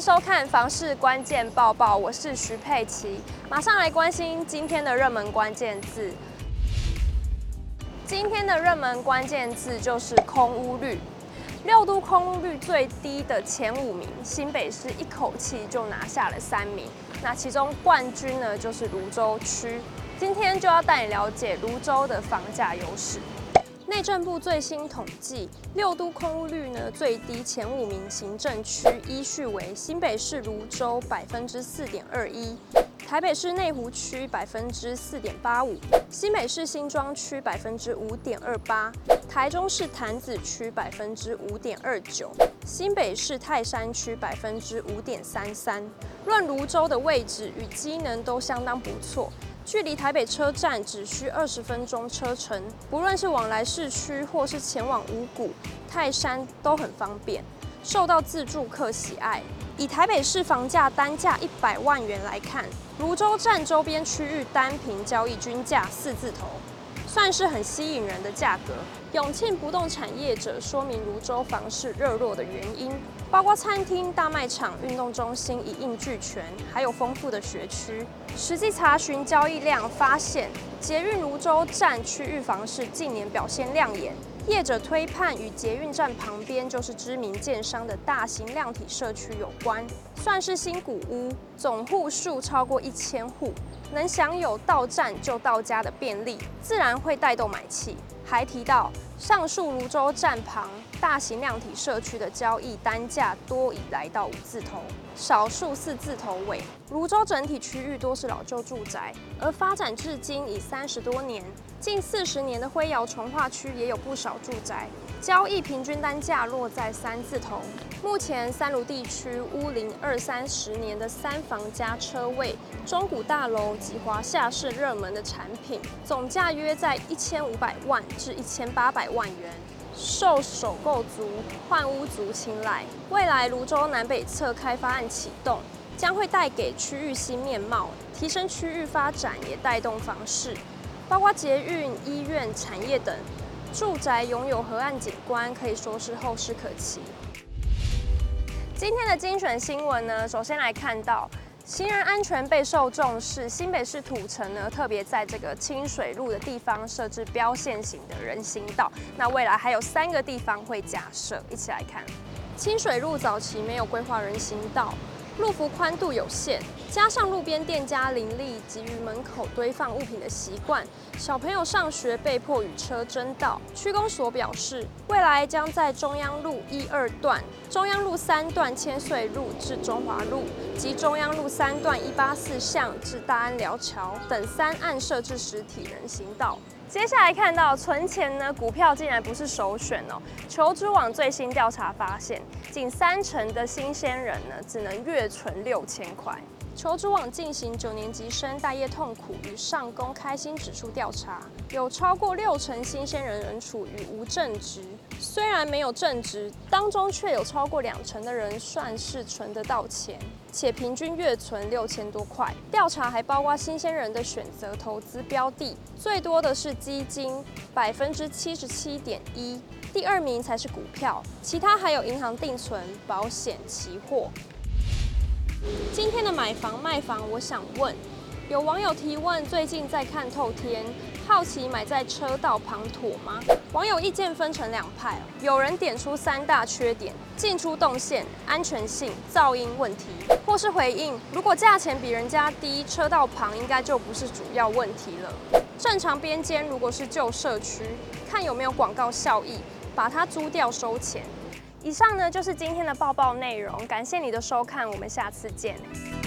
收看房市關鍵報報，我是徐佩琪，馬上來關心今天的熱門關鍵字。今天的熱門關鍵字就是空屋率，六都空屋率最低的前五名，新北市一口氣就拿下了三名，那其中冠軍呢就是蘆洲區。今天就要帶你了解蘆洲的房價優勢。內政部最新統計，六都空屋率呢最低前五名行政區依序為新北市蘆洲百分之四點二一，台北市內湖區百分之四點八五，新北市新莊區百分之五點二八，台中市潭子區百分之五點二九，新北市泰山區百分之五點三三。論蘆洲的位置與機能都相當不錯。距離台北車站只需二十分鐘車程，不論是往來市區或是前往五股泰山都很方便，受到自住客喜愛。以台北市房價單價一百萬元來看，蘆洲站周邊區域單坪交易均價四字頭，算是很吸引人的價格。永慶不動產業者說明蘆洲房市熱絡的原因。包括餐廳、大賣場、運動中心一應俱全，還有豐富的學區。實際查詢交易量，發現捷運蘆洲站區域房市近年表現亮眼。業者推判與捷運站旁邊就是知名建商的大型量體社區有關，算是新古屋，總戶數超過一千戶，能享有到站就到家的便利，自然會帶動買氣。還提到上述蘆洲站旁大型量體社區的交易單價多已來到五字頭，少數四字頭尾。蘆洲整體區域多是老舊住宅，而發展至今已三十多年，近四十年的灰磘重劃區也有不少住宅，交易平均單價落在三字頭。目前三蘆地區屋齡二三十年的三房加車位中古大樓及華廈是熱門的產品，總價約在一千五百萬至一千八百萬元，受首購族、換屋族青睞。未來蘆洲南北側開發案啟動。將會帶給區域新面貌，提升區域發展，也帶動房市，包括捷運、醫院、產業等。住宅擁有河岸景觀，可以說是後市可期。今天的精選新聞呢，首先來看到行人安全備受重視。新北市土城呢，特別在這個清水路的地方設置標線型的人行道。那未來還有三個地方會加設，一起來看。清水路早期沒有規劃人行道。路幅寬度有限，加上路邊店家林立，及於門口堆放物品的習慣，小朋友上學被迫與車爭道。區公所表示，未來將在中央路一二段、中央路三段、千歲路至中華路及中央路三段一八四巷至大安寮橋等三岸設置實體人行道。接下來看到存錢呢，股票竟然不是首選哦。求職網最新調查發現，僅三成的新鮮人呢，只能月存六千塊。求職網進行九年級生待業痛苦與上工開心指數調查，有超過六成新鮮人仍處於無正職，雖然沒有正值，當中卻有超過兩成的人算是存得到錢，且平均月存六千多塊。調查還包括新鮮人的選擇投資標的，最多的是基金，百分之七十七點一，第二名才是股票，其他還有銀行定存、保險、期貨。今天的買房賣房，我想問，有網友提問，最近在看透天。好奇買在車道旁妥嗎？網友意見分成兩派，有人點出三大缺點：進出動線、安全性、噪音問題。或是回應，如果價錢比人家低，車道旁應該就不是主要問題了。正常邊間如果是舊社區，看有沒有廣告效益，把它租掉收錢。以上呢就是今天的報報內容，感謝你的收看，我們下次見。